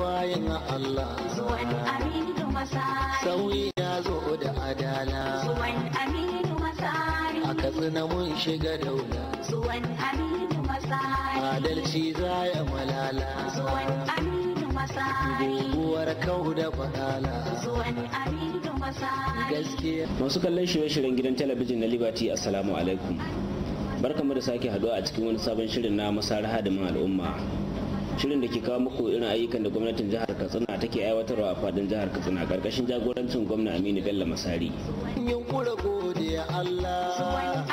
bayan Allah zuwan aminu masari sauyi ya zo da adala zuwan aminu masari a katsina mun shiga daula zuwan aminu masari adalci za ya malala zuwan aminu masari buwar kau da fadala zuwan aminu masari gaskiya masu kallon shirye-shiryen gidan talabijin na liberty assalamu alaikum barkamu da sake haduwa a cikin wani sabon shirin na masaraha da al'umma shirin da ke kawo muku irin ayyukan da gwamnatin jihar katsina take aiwatarwa a fadin jihar katsina karkashin jagorancin gwamna aminu bello masari allah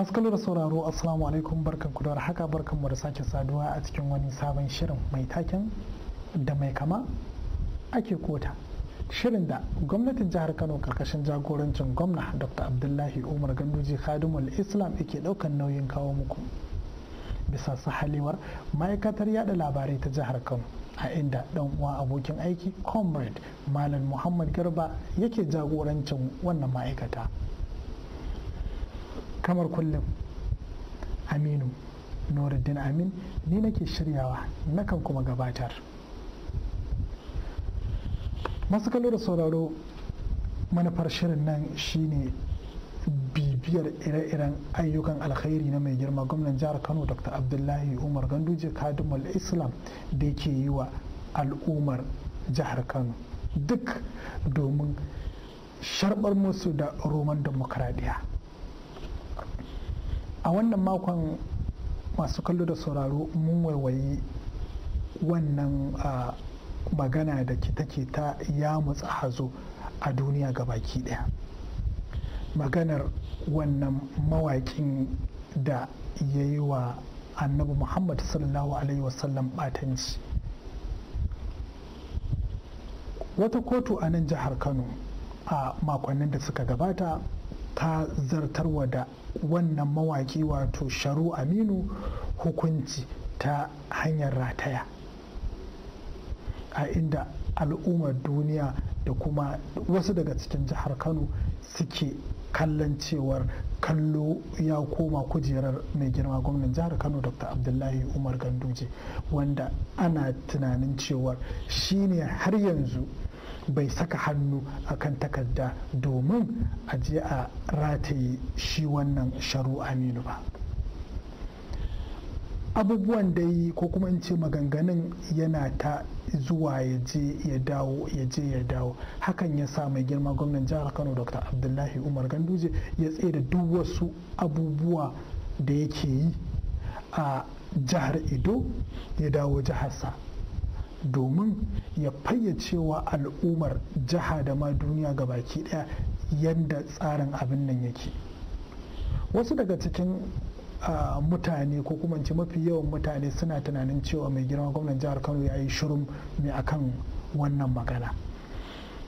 masu da sauraro assalamu alaikum barkan ku haka barkan mu da sake saduwa a cikin wani sabon shirin mai taken da mai kama ake kota shirin da gwamnatin jihar kano karkashin jagorancin gwamna dr abdullahi umar ganduji khadimul islam yake daukan nauyin kawo muku bisa halewar ma'aikatar yada labarai ta jihar kano a inda dan uwa abokin aiki comrade malam muhammad garba yake jagorancin wannan ma'aikata kamar kullum aminu nuruddin amin ni nake shiryawa nakan kuma gabatar masu kallo da sauraro manufar shirin nan shine bibiyar ire-iren ayyukan alkhairi na mai girma gwamnan jihar kano dr abdullahi umar ganduje kadimul islam da yake yi wa al'ummar jihar kano duk domin sharɓar musu da roman demokradiyya a wannan makon masu kallo da sauraro mun waiwayi wannan magana da take ta ya mutsa hazo a duniya ga baki daya maganar wannan mawaƙin da ya yi wa annabi muhammad sallallahu alaihi wasallam batanci wata kotu a nan jihar kano a makonnin da suka gabata ta zartarwa da wannan mawaki wato sharu aminu hukunci ta hanyar rataya a inda al'ummar duniya da kuma wasu daga cikin jihar kano suke kallon cewar kallo ya koma kujerar mai girma gwamnan jihar kano dr abdullahi umar ganduje wanda ana tunanin cewar shine har yanzu bai saka hannu a kan takarda domin a je a rataye shi wannan sharu aminu ba abubuwan da yi ko kuma in ce maganganun yana ta zuwa ya je ya dawo ya je ya dawo hakan ya sa mai girma gwamnan jihar kano dr abdullahi umar ganduje ya tsaye da duk wasu abubuwa da yake yi a jihar ido ya dawo jiharsa domin ya fayyacewa al'ummar jiha da ma duniya ga baki daya yadda tsarin abin nan yake wasu daga cikin mutane ko kuma ce mafi yawan mutane suna tunanin cewa mai girma gwamnan jihar kano ya yi shirin mai akan wannan magana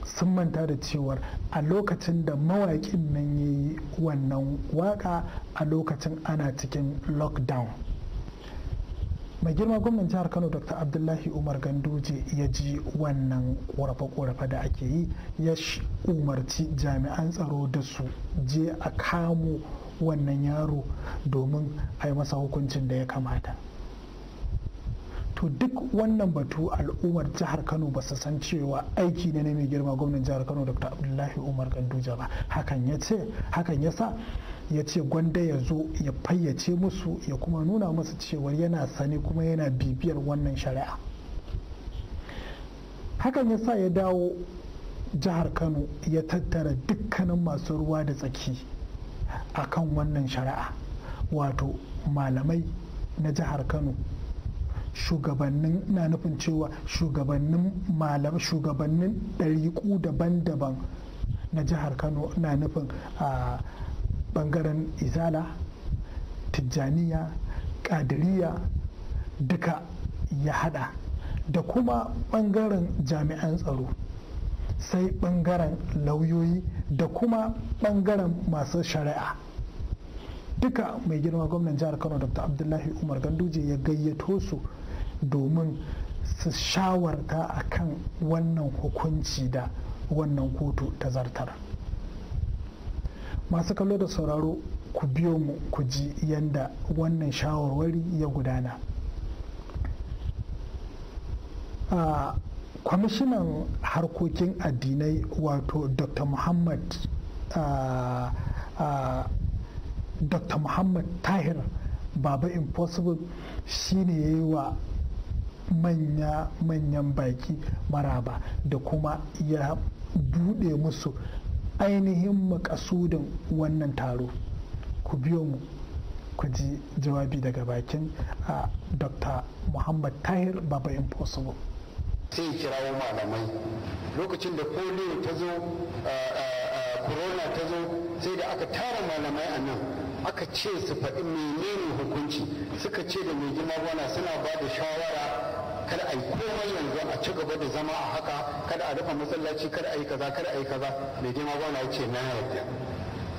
sun manta da cewar a lokacin da mawaƙin nan ya yi wannan waka a lokacin ana cikin lockdown mai girma gwamnan jihar kano dr abdullahi umar ganduje ya ji wannan korafe-korafe da ake yi ya umarci jami'an tsaro da su je a kamo wannan yaro domin a yi masa hukuncin da ya kamata to duk wannan batu al'ummar jihar kano ba su san cewa aiki ne na mai girma gwamnan jihar kano dr abdullahi umar ganduje ba hakan ya ce hakan ya sa ya ce gwanda ya zo ya fayyace musu ya kuma nuna musu cewar yana sani kuma yana bibiyar wannan shari'a hakan ya sa ya dawo jihar kano ya tattara dukkanin masu ruwa da tsaki a kan wannan shari'a wato malamai na jihar kano shugabannin na nufin cewa shugabannin malam shugabannin ɗariƙu daban-daban na jihar kano na nufin ah, bangaren izala tijjaniya kadiriya duka ya hada da kuma bangaren jami'an tsaro sai bangaren lauyoyi da kuma bangaren masu shari'a duka mai girma gwamnan jihar kano dr abdullahi umar ganduje ya gayyato su domin su shawarta akan wannan hukunci da wannan kotu ta zartar. masu kallo da sauraro ku biyo mu ku ji yadda wannan shawarwari ya gudana kwamishinan harkokin addinai wato dr muhammad dr muhammad tahir baba impossible shine ya yi wa manya-manyan baki maraba da kuma ya bude musu ainihin makasudin wannan taro ku biyo mu ku ji jawabi daga bakin dr muhammad tahir baba impossible sai kirawo malamai lokacin da polio ta zo corona ta zo sai da aka tara malamai a nan aka ce su faɗi menene hukunci suka ce da mai gina suna ba da shawara kar a yi komai yanzu a ci gaba da zama a haka kada a dafa masallaci kada a yi kaza kar a yi kaza mai girma gwamna ya ce na yarda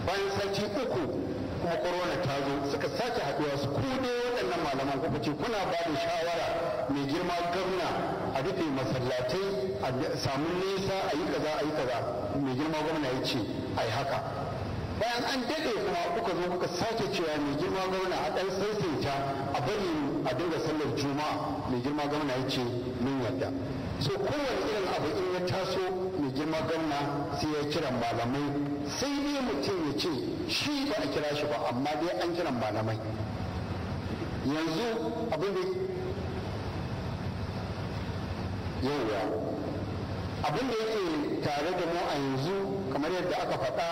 bayan sati uku kuma korona ta zo suka sake haɗuwa su kuɗe waɗannan malaman kuka ce kuna ba da shawara mai girma gwamna a rufe masallatai a samu nisa a yi kaza a yi kaza mai girma gwamna ya ce a yi haka bayan an daɗe kuma kuka zo kuka sake cewa mai girma gwamna a ɗan saisaita a bari a dinga sallar juma'a mai girma gwamna ya ce mun yarda so kowane irin abu in ya taso mai girma ganna sai ya kira malamai sai dai mutum ya ce shi ba a kira shi ba amma dai an kira malamai yanzu abin da yauwa abin da yake tare da mu a yanzu kamar yadda aka faɗa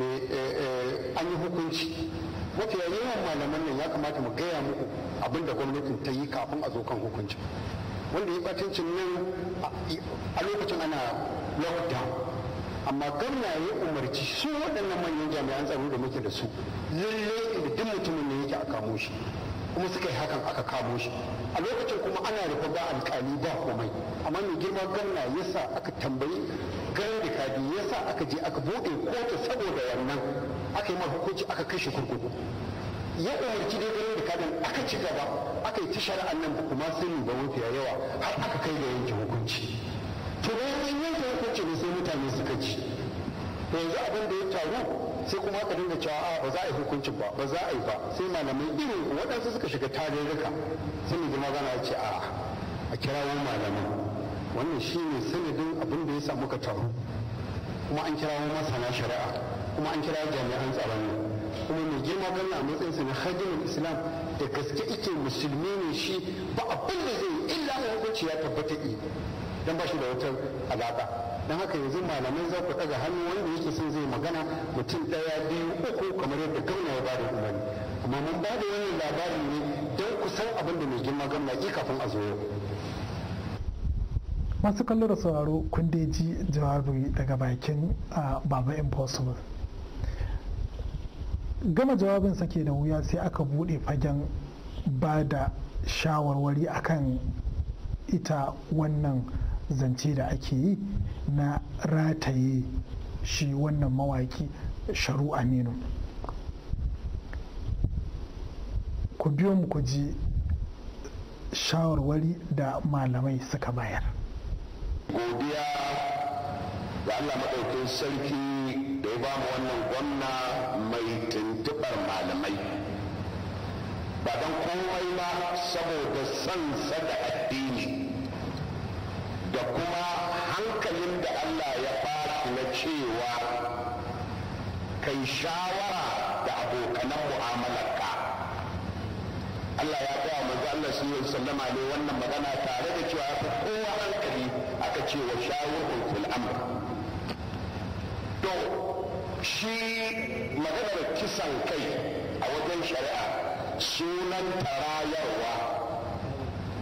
eh, eh, an yi hukunci mafiya yawan malaman nan ya kamata mu gaya muku abin da gwamnatin ta yi kafin a zo kan hukunci? wanda ya batancin nan a lokacin ana lockdown amma gamna ya umarci su waɗannan manyan jami'an tsaro da muke da su lalle da duk mutumin da yake a kamo shi kuma suka yi hakan aka kamo shi a lokacin kuma ana rufe ba alƙali ba komai amma mai girma gamna ya sa aka tambayi garin da kadi ya sa aka je aka buɗe kotu saboda wannan aka yi hukunci aka kashe kurkuku ya umarci dai ganin da kaɗan aka ci gaba aka yi ta shari'a nan ba kuma sani ba mafiya yawa har aka kai ga yanke hukunci to bayan an yanke hukunci ne sai mutane suka ci yanzu abin da ya taru sai kuma aka dinga cewa a ba za a yi hukuncin ba ba za a yi ba sai malamai irin waɗansu suka shiga tarurruka sai mu girma gana ce a a kirawo malamai wannan shi ne sanadin abin da ya samu muka taru kuma an kirawo masana shari'a kuma an kira jami'an tsaron kuma mai girma kalla a matsayinsa na hadimin islam da gaske ake musulmi ne shi ba abin da zai yi illa ga hukunci ya tabbata yi dan ba shi da wata alaka dan haka yanzu malamai za ku ɗaga hannu wanda yake son zai magana mutum ɗaya biyu uku kamar yadda gauna ya ba da umarni amma mun ba da wannan labari ne don ku san abin da mai girma gwamna ki kafin a zo masu kallo da sauraro kun ji jawabi daga bakin ah, baba impossible gama jawabin sake da wuya sai aka bude fagen ba da shawarwari akan ita wannan zance da ake yi na rataye shi wannan mawaki sharu aminu ku biyo mu ku shawarwari da malamai suka bayar godiya ga allah maɗaukin sarki ya ba mu wannan gwamna mai tuntubar malamai ba don komai ba saboda son da addini da kuma hankalin da Allah ya fashi na cewa kai shawara da abokanan mu'amalarka Allah ya gaya manzo Allah sallallahu alaihi sallama ne wannan magana tare da cewa ya fi kowa hankali aka ce wa shawarar shi maganar kisan kai a wajen shari'a sunan tarayarwa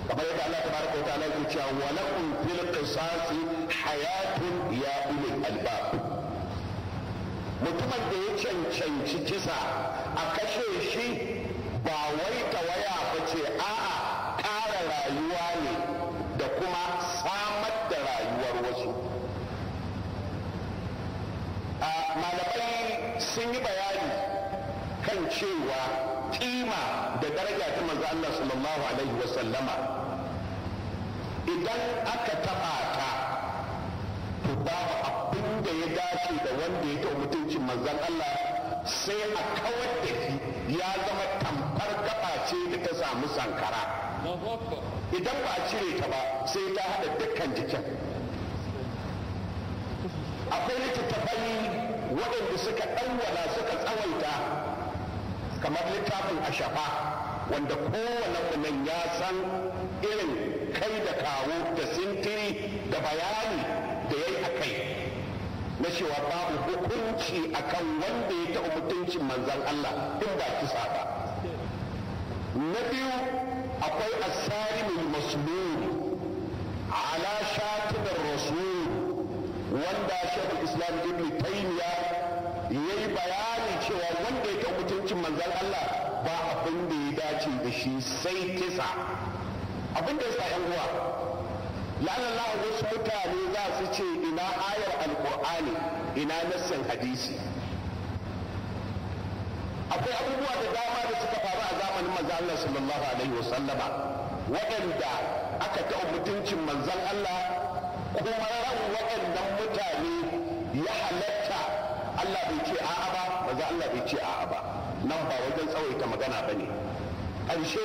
kamar yadda Allah ta baraka ta lafi cewa wa lakum fil qisasi hayatun ya ulil albab mutumin da ya cancanci kisa a kashe shi daraja ta manzo Allah sallallahu alaihi wa sallama idan aka taba ta to babu abin da ya dace da wanda ya taɓa mutuncin manzon Allah sai a kawar da shi ya zama tamfar gaba ce da ta samu sankara idan ba a cire ta ba sai ta haɗa dukkan jikin akwai littattafai waɗanda suka ɗauwala suka tsawaita kamar littafin ashafa wanda kowane kunan ya san irin kai da kawo da sintiri da bayani da ya yi a kai na cewa babu hukunci akan wanda ya taɓa mutuncin manzan Allah in ba kisa ba na biyu akwai asari mai masulun ala shatibar rasul wanda shekul islam ibn taymiya ya yi bayani cewa wanda ya taɓa mutuncin manzan Allah abin da ya dace da shi sai kisa abin da ya sa yan uwa la'anallahu wasu mutane za su ce ina ayar alkur'ani ina nassin hadisi akwai abubuwa da dama da suka faru a zamanin manzo Allah sallallahu alaihi wasallama waɗanda aka taɓa mutuncin manzan Allah kuma ran waɗannan mutane ya halatta Allah bai ce a'a ba manzo Allah bai ce a'a ba nan ba wajen tsawaita magana ba ne ƙarshe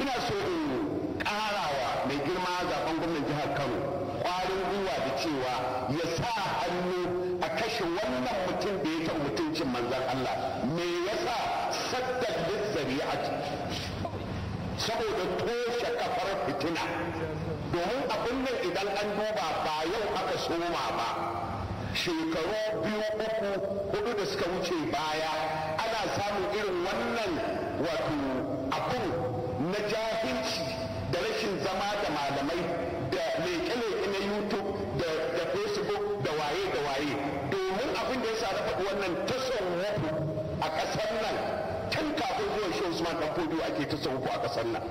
ina so in ƙarawa mai girma zaben gwamnan jihar kano ƙwarin gwiwa da cewa ya sa hannu a kashe wannan mutum da ya mutuncin manzan Allah me ya yasa saddar a saboda toshe kafar fitina domin abin nan idan an duba ba yau aka soma ba shekaru biyu uku hudu da suka wuce baya ana samun irin wannan wato abin na jahilci da rashin zama da malamai da leƙe-leƙe na youtube da facebook da waye da waye domin abin da ya sa na faɗi wannan tason wuku a ƙasar nan tun kafin zuwan shi usman dan fodo ake ta wuku a ƙasar nan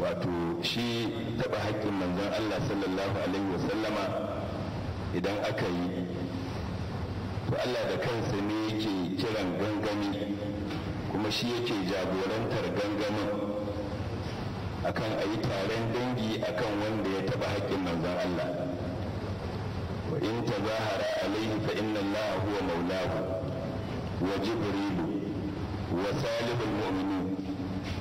wato shi taɓa haƙƙin manzon allah sallallahu alaihi wasallama idan aka yi to Allah da kansa ne yake kiran gangami kuma shi yake jagorantar gangamin akan a yi taron dangi akan wanda ya taɓa haƙƙin manzon Allah wa in tazahara alaihi fa inna Allah huwa maulahu wa jibril wa salihul mu'minin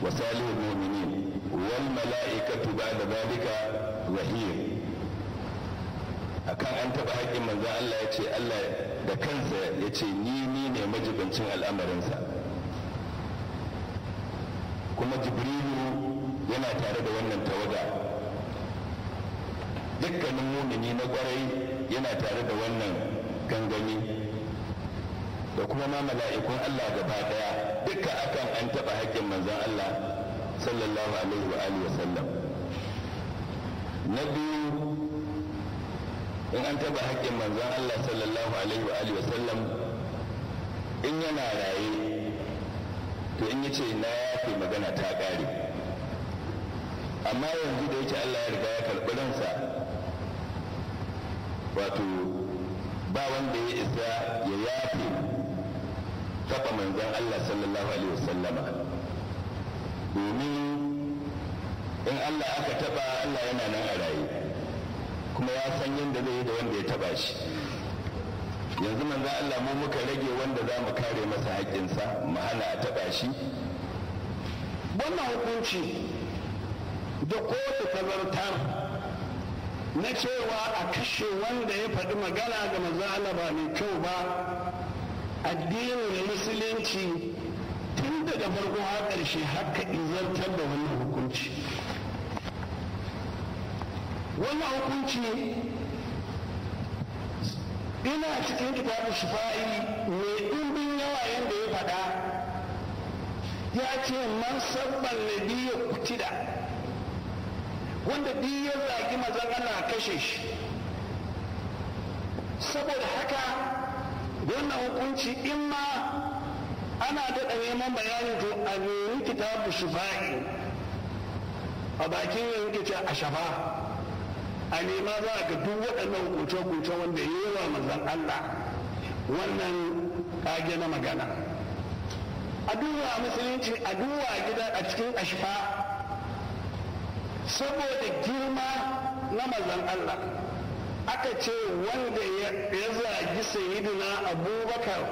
wa salihul mu'minin wal mala'ikatu ba'da dhalika zahir kan an taɓa haƙƙin manzo Allah ya ce Allah da kansa ya ce ni ni ne majibincin al'amarinsa kuma jibrilu yana tare da wannan tawaga dukkanin mumini na ƙwarai yana tare da wannan gangami da kuma ma mala'ikun Allah gaba daya duka akan an taɓa haƙƙin manzon Allah sallallahu alaihi wa wa sallam na biyu in an taba haƙƙin manzon Allah sallallahu alaihi wa alihi wasallam in yana raye to in yace na yafe magana ta ƙare amma yanzu da yake Allah ya riga ya karɓi ransa wato ba wanda ya isa ya yafe taɓa manzan Allah sallallahu alaihi wasallama domin in Allah aka taɓa Allah yana nan a raye kuma ya san yadda zai yi da wanda ya taba shi yanzu manzo Allah mu muka rage wanda za mu kare masa haƙƙinsa mu hana a taba shi wannan hukunci da kotu ta na cewa a kashe wanda ya faɗi magana ga manzo Allah ba mai kyau ba addinin musulunci tun daga farko har ƙarshe haka izartar da wannan hukunci wannan hukunci ina cikin kitabu shifa'i mai ɗumbin yawa yadda ya faɗa ya ce man sabban biyu kutida wanda biyu ya zagi mazan ana kashe shi saboda haka wannan hukunci in ma ana daɗa neman bayanin to a nemi kitabu shifa'i a bakin yankin a shafa a nema za a ga duk waɗannan kuce-kuce wanda yi wa manzan Allah wannan kage na magana a duba a musulunci a duwa a gida a cikin ashfa saboda girma na mazan Allah aka ce wanda ya zagi sayidina abubakar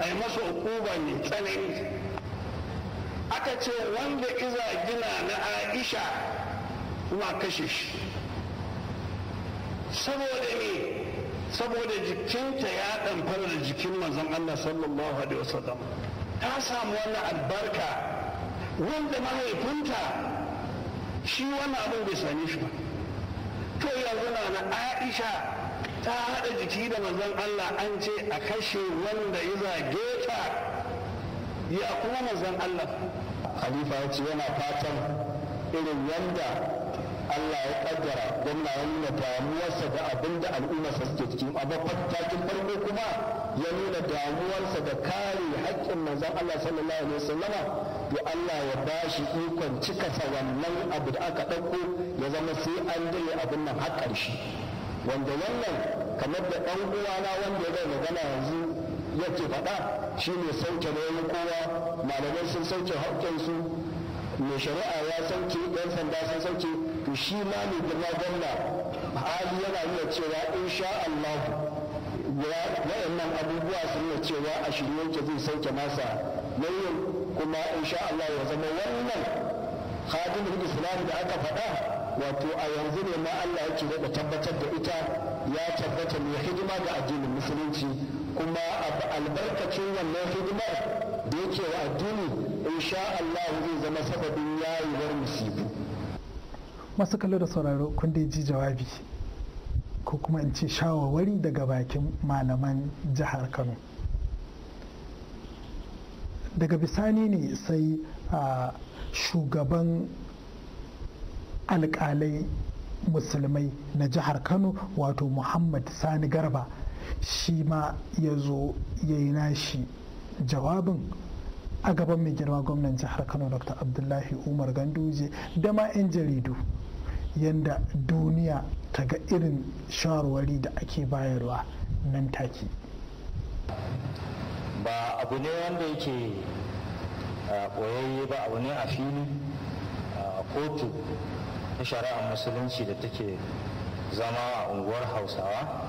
a yi masa ukuba mai tsanani aka ce wanda iza gina na aisha kuma kashe shi saboda me saboda jikinta ya ɗamfara da jikin manzon Allah sallallahu alaihi wasallam ta samu wannan albarka wanda mahaifinta shi wannan abin bai same shi ba to yanzu na Aisha ta haɗa jiki da manzon Allah an ce a kashe wanda ya zage ta ya kuma manzon Allah Khalifa ya ce yana fatan irin wanda. Allah ya kaddara gwamna ya nuna damuwarsa da abin da al'ummarsa suke cikin abu takin farko kuma ya nuna damuwarsa da kare haƙƙin manzon Allah sallallahu alaihi wasallama to Allah ya bashi ikon cika sa wannan abu da aka ɗauko ya zama sai an dare abin nan har ƙarshe wanda wannan kamar da ɗan uwana wanda ya magana yanzu yake faɗa shine sauke nauyin kowa malamai sun sauke haƙƙinsu mai shari'a ya sauke yan sanda sun sauke to shi ma mai girma gwamna hali yana nuna cewa insha Allah waɗannan abubuwa sun nuna cewa a shirye zai sauke masa nauyin kuma insha Allah ya zama wannan khadimul islam da aka faɗa wato a yanzu ne ma Allah yake daɗa tabbatar da ita ya tabbata mai hidima ga addinin musulunci kuma albarkacin wannan hidimar da yake wa addini insha Allah zai zama sababin yayuwar musibu masu kallo da sauraro kun dai ji jawabi ko kuma in ce shawarwari daga bakin malaman jihar kano daga bisani ne sai a shugaban alkalai musulmai na jihar kano wato muhammad sani garba shi ma ya zo ya yi nashi jawabin a gaban mai girma gwamnan jihar kano dr abdullahi umar ganduje da ma 'yan jaridu yadda duniya ta ga irin shawarwari da ake bayarwa nan take ba abu ne wanda yake koyayye ba abu ne a fili kotu ta shari'ar musulunci da take zama a unguwar hausawa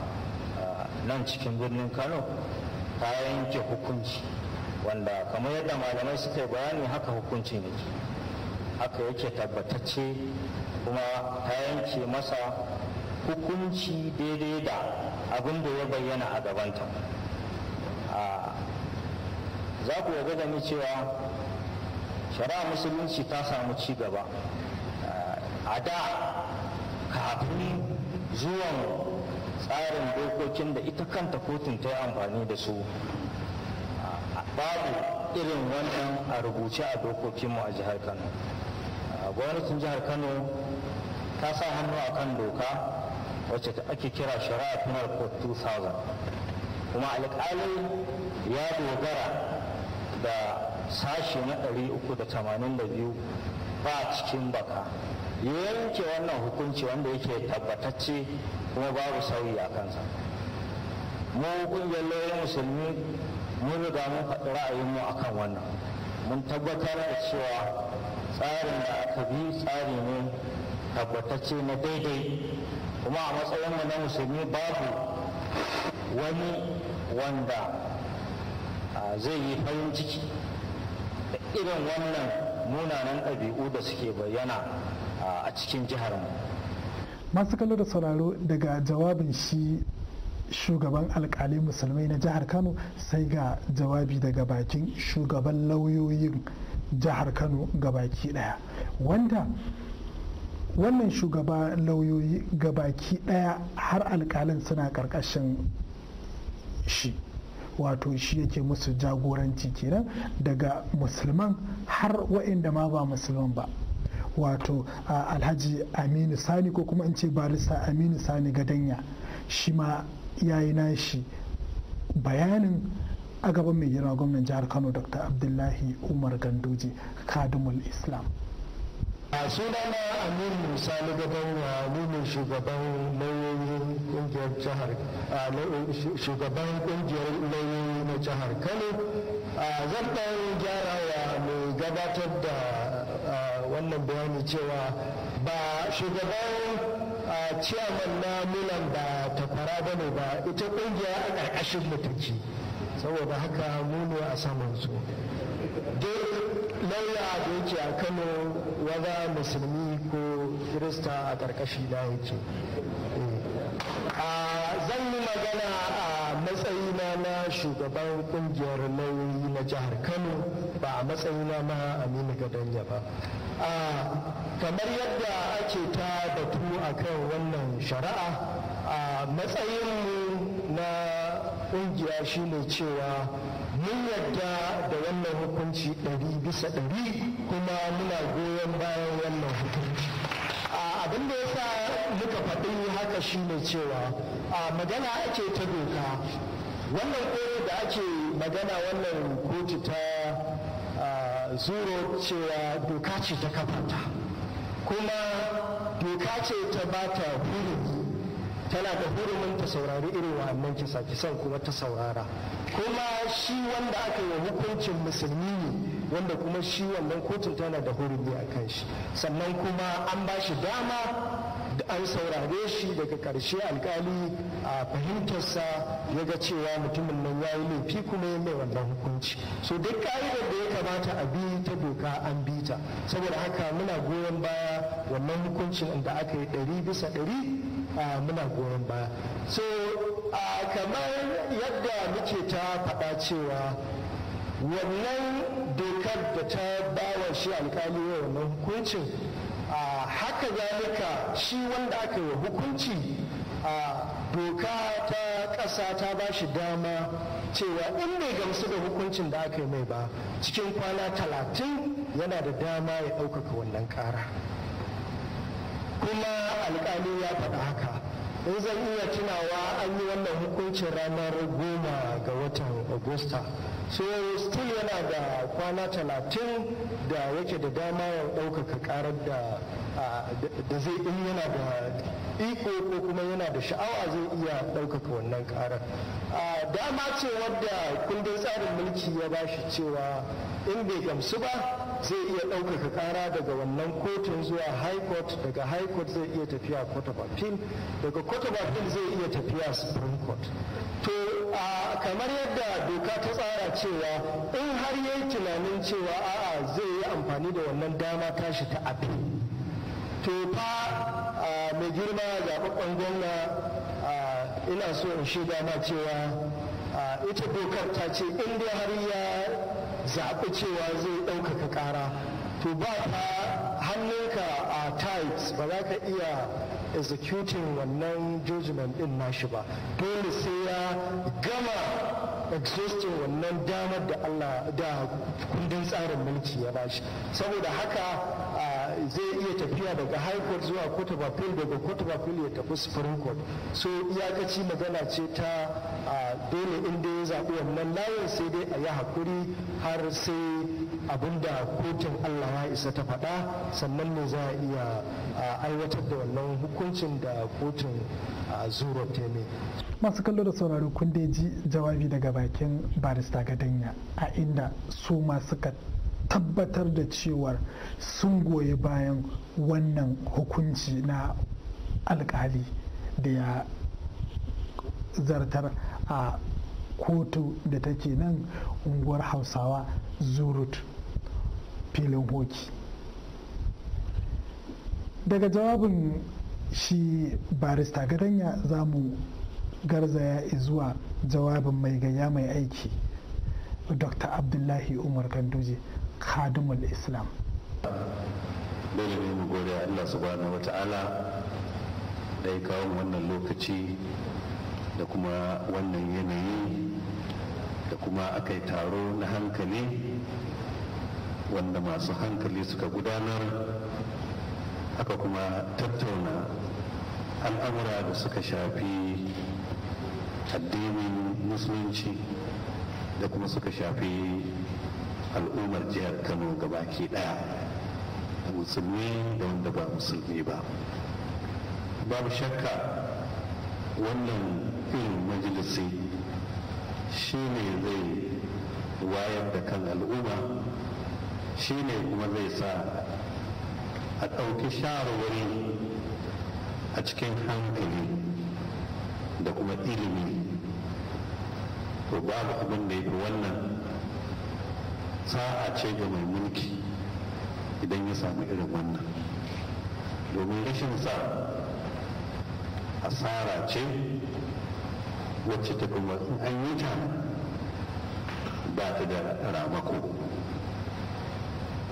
nan cikin birnin kano ta yanke hukunci wanda kamar yadda malamai suka yi bayani haka hukuncin yake haka yake tabbatacce kuma ta yanke masa hukunci daidai da abin da ya bayyana a gabanta za ku yaga gani cewa shari'a musulunci ta samu ci gaba a da kafin zuwan tsarin dokokin da ita kanta kotun ta yi amfani da su babu irin wannan a rubuce a dokokinmu a jihar kano gwamnatin jihar kano ta sa hannu a kan doka wacce ta ake kira shari'a penal code 2000 kuma alƙali ya dogara da sashe na 382 ba cikin baka yanke wannan hukunci wanda yake tabbatacce kuma babu sauyi a kansa mu kungiyar lauyoyin musulmi mun riga mun faɗi ra'ayinmu akan wannan mun tabbatar da cewa tsarin da aka bi tsari ne tabbatacce na daidai kuma a matsayinmu na musulmi babu wani wanda zai yi farin ciki da irin wannan munanan ɗabi'u da suke bayyana a cikin jiharmu masu kallo da sauraro daga jawabin shi shugaban alkali musulmai na jihar kano sai ga jawabi daga bakin shugaban lauyoyin jihar kano ga baki daya wanda wannan shugaba lauyoyi ga baki daya har alkalin suna karkashin shi wato shi yake musu jagoranci kenan daga musulman har waɗanda ma ba musulman ba wato alhaji aminu sani ko kuma in ce barista aminu sani gadanya shi ma yayi nashi bayanin a gaban mai girma gwamnan jihar kano dr abdullahi umar Gandoji, kadumul islam a sunana Aminu musa na gaban ne shugaban lauyoyin kungiyar jihar shugaban kungiyar lauyoyi na jihar kano zan zartar gyara wa mai gabatar da wannan bayani cewa ba shugaban ciyaman na milan ba takwara ba ne ba ita kungiya a ƙarƙashin mutunci saboda haka mu ne a saman su duk lauya da yake a kano wada musulmi ko kirista a ƙarƙashi na yake eh, zan yi magana a matsayina na shugaban ƙungiyar lauyoyi na jihar kano ba a matsayina na aminu gadanya ba kamar yadda ake ta batu a kan wannan shari'a a mu na kungiya shine cewa mun yadda da wannan hukunci ɗari bisa ɗari kuma muna goyon bayan wannan hukunci abin da ya sa muka faɗi haka shine cewa magana ake ta doka wannan kotu da ake magana wannan kotu ta zuro cewa doka ce ta kafata kuma doka ce ta bata hurumi tana da hurumin ta saurari irin wa'annan kisa kisan kuma ta saurara kuma shi wanda aka yi hukuncin musulmi ne wanda kuma shi wannan kotun tana da hurumi a kan shi sannan kuma an ba shi dama an saurare shi daga karshe alkali a fahimtarsa ya ga cewa mutumin nan ya yi laifi kuma ya mai wannan hukunci so duk ka'idar da ya kamata a bi ta doka an bi ta saboda haka muna goyon baya wannan hukuncin da aka yi ɗari bisa ɗari muna goyon baya so kamar yadda muke ta faɗa cewa wannan dokar da ta bawa shi alkali wannan hukuncin haka zalika shi wanda aka yi hukunci a doka ta ƙasa ta ba shi dama cewa in bai gamsu da hukuncin da aka yi mai ba cikin kwana talatin yana da dama ya ɗaukaka wannan ƙara. kuma alƙali ya faɗa haka in zan iya tunawa an yi wannan hukuncin ranar goma ga watan agusta so still yana da kwana talatin da yake da dama ya ɗaukaka ƙarar da da zai in yana da iko ko kuma yana da sha'awa zai iya ɗaukaka wannan ƙarar dama ce wadda kundin tsarin mulki ya ba shi cewa in bai gamsu ba zai iya ɗaukaka ƙara daga wannan kotun zuwa high court daga high court zai iya tafiya court of appeal daga court of appeal zai iya tafiya supreme court to a kamar yadda doka ta tsara cewa in har yayi tunanin cewa a'a zai yi amfani da wannan dama tashi ta appeal to fa mai girma zaɓaɓɓen gwamna ina so in shiga ma cewa ita dokar ta ce in dai har ya zaɓi cewa zai ɗaukaka ƙara to ba ta hannunka a tight ba za ka iya executing wannan judgment ɗin nashi ba dole sai ya gama exhausting wannan damar da da kundin tsarin mulki ya bashi saboda haka zai iya tafiya daga high court zuwa court of appeal daga court of appeal ya tafi supreme court so iyakaci magana ce ta dole inda ya zaɓi wannan layin sai dai a yi hakuri har sai abinda kotun allah ya isa ta faɗa sannan ne za a iya aiwatar da wannan hukuncin da kotun zuro ta masu kallo da sauraro kun ji jawabi daga bakin barista gadanya a inda su masu tabbatar da cewar sun goyi bayan wannan hukunci na alkali da ya zartar a kotu da take nan unguwar hausawa zurut filin hoki daga jawabin shi barista gadanya za mu garzaya zuwa jawabin mai gaya mai aiki dr abdullahi umar ganduje khadimul islam dole ne mu gode Allah subhanahu wata'ala da ya kawo wannan lokaci da kuma wannan yanayi da kuma aka yi taro na hankali wanda masu hankali suka gudanar aka kuma tattauna al'amura da suka shafi addinin musulunci da kuma suka shafi al'ummar jihar kano gabaki daya musulmi da wanda ba musulmi ba babu shakka wannan irin majalisi shi ne zai wayar da kan al'umma shi ne kuma zai sa a ɗauki shawarwari a cikin hankali da kuma ilimi to babu abin da ya fi wannan sa'a ce ga mai mulki idan ya samu irin wannan domin rashin sa asara ce wacce ta kuma an yi ta ba ta da ramako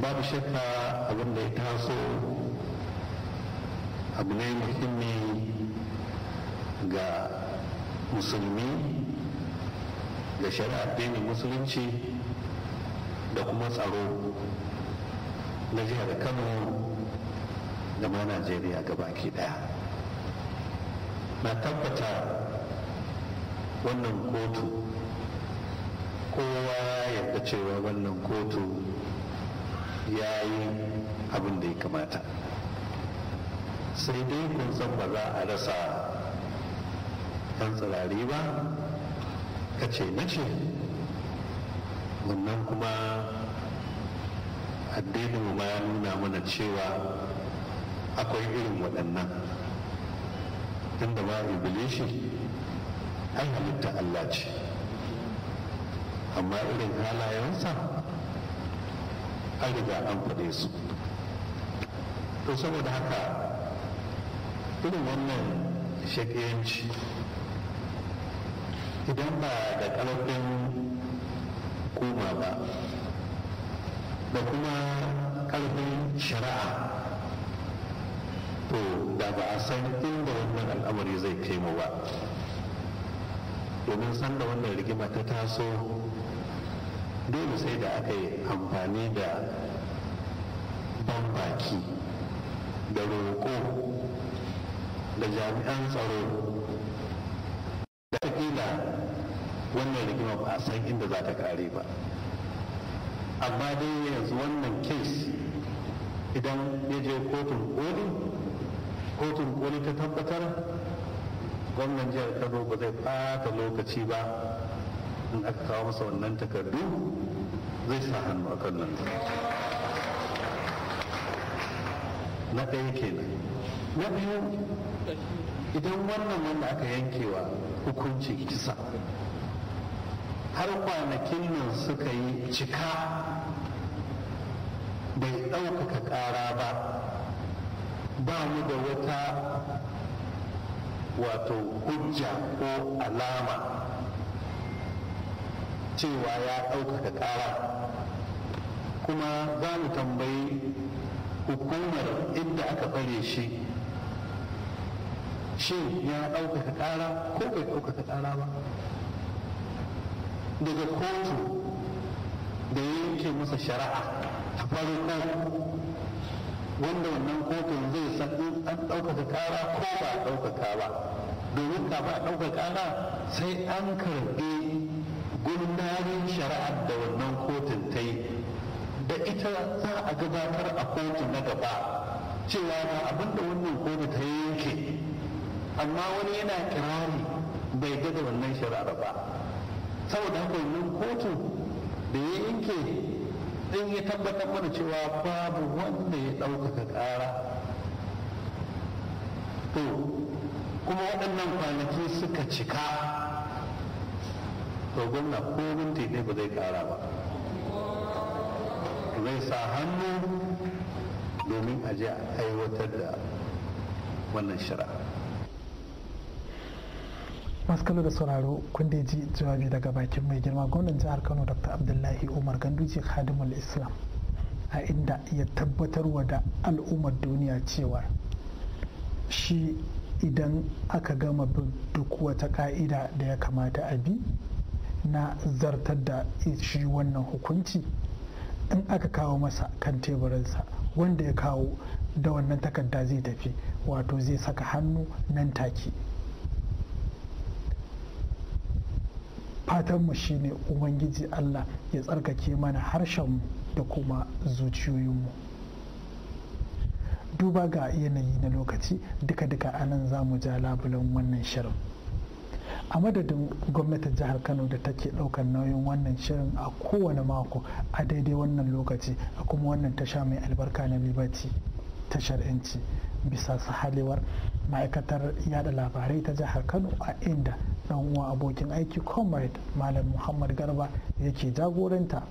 babu shakka abin da ya taso abu ne muhimmi ga musulmi ga shari'ar dainin musulunci da kuma tsaro na jihar kano da ma najeriya gabaki daya na tabbata wannan kotu kowa yarda cewa wannan kotu ya yi abin da ya kamata sai dai kun san ba za a rasa ɗan tsirari ba ka ce na ce wannan kuma addinin ma ya nuna mana cewa akwai irin waɗannan tunda ba ibilishi ai halitta Allah ce amma irin halayensa an riga an faɗe su to saboda haka irin wannan shaƙiyanci idan ba da ƙarfin koma ba da kuma ƙarfin shari'a to da ba a san inda wannan al'amari zai kai mu ba domin sanda wannan rigima ta taso dole sai da aka yi amfani da banbaki da roƙo da jami'an tsaro da ƙila wannan rigima ba a san inda za ta kare ba amma dai yanzu wannan kes idan ya je kotun koli kotun koli ta tabbatar gwamnan jihar kano ba zai fata lokaci ba in aka kawo masa wannan takardu zai sa hannu a kan nan na ɗaya kenan na biyu idan wannan wanda aka yankewa hukunci kisa har kwanakin nan suka yi cika bai ɗaukaka ƙara ba ba mu da wata wato hujja ko alama cewa ya ɗaukaka ƙara kuma za mu tambayi hukumar inda aka fare shi shin ya ɗaukaka ƙara ko bai ɗaukaka ƙara ba daga kotu da yanke masa shari'a a farko wanda wannan kotun zai san in an ɗaukaka ƙara ko ba a ɗaukaka ba domin kafin a ɗaukaka ƙara sai an karɓi gundarin shari'ar da wannan kotun ta yi da ita za a gabatar a kotu na gaba cewa ba abin wannan kotu ta yanke amma wani yana kirari bai ga da wannan shari'ar ba saboda haka yi kotu da ya yanke in ya tabbatar mana cewa babu wanda ya ɗaukaka ƙara to kuma waɗannan kwanaki suka cika to gwamna ko minti ne ba zai ƙara ba zai sa hannu domin a aiwatar da wannan shari'a masu da sauraro kun da ji jawabi daga bakin mai girma gwamnan jihar kano dr abdullahi umar ganduje khadimul islam a inda ya tabbatarwa da al'ummar duniya cewa shi idan aka gama bin duk wata ka'ida da ya kamata a bi na zartar da shi wannan hukunci in aka kawo masa kan teburinsa wanda ya kawo da wannan takarda zai tafi wato zai saka hannu nan take fatanmu shine ubangiji allah ya tsarkake mana harshenmu da kuma zuciyoyinmu duba ga yanayi na lokaci duka-duka anan za mu ja labulan wannan shirin a madadin gwamnatin jihar kano da take ɗaukar nauyin wannan shirin a kowane mako a daidai wannan lokaci a kuma wannan tasha mai albarka na liberty tashar yanci bisa sahalewar ma'aikatar yada labarai ta jihar kano a inda dan uwa abokin aiki comrade malam muhammad garba yake jagoranta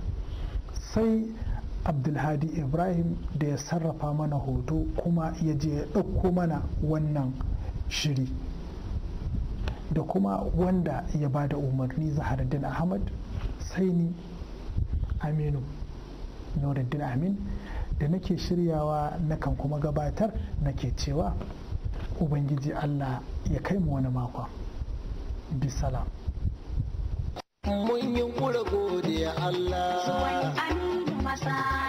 sai abdulhadi ibrahim da ya sarrafa mana hoto kuma ya je ya ɗauko mana wannan shiri da kuma wanda ya ba da umarni zaharuddin ahmad sai ni aminu nuruddin amin da nake shiryawa nakan kuma gabatar nake cewa ubangiji allah ya kai mu wani makon bisala mun yi kura godiya Allah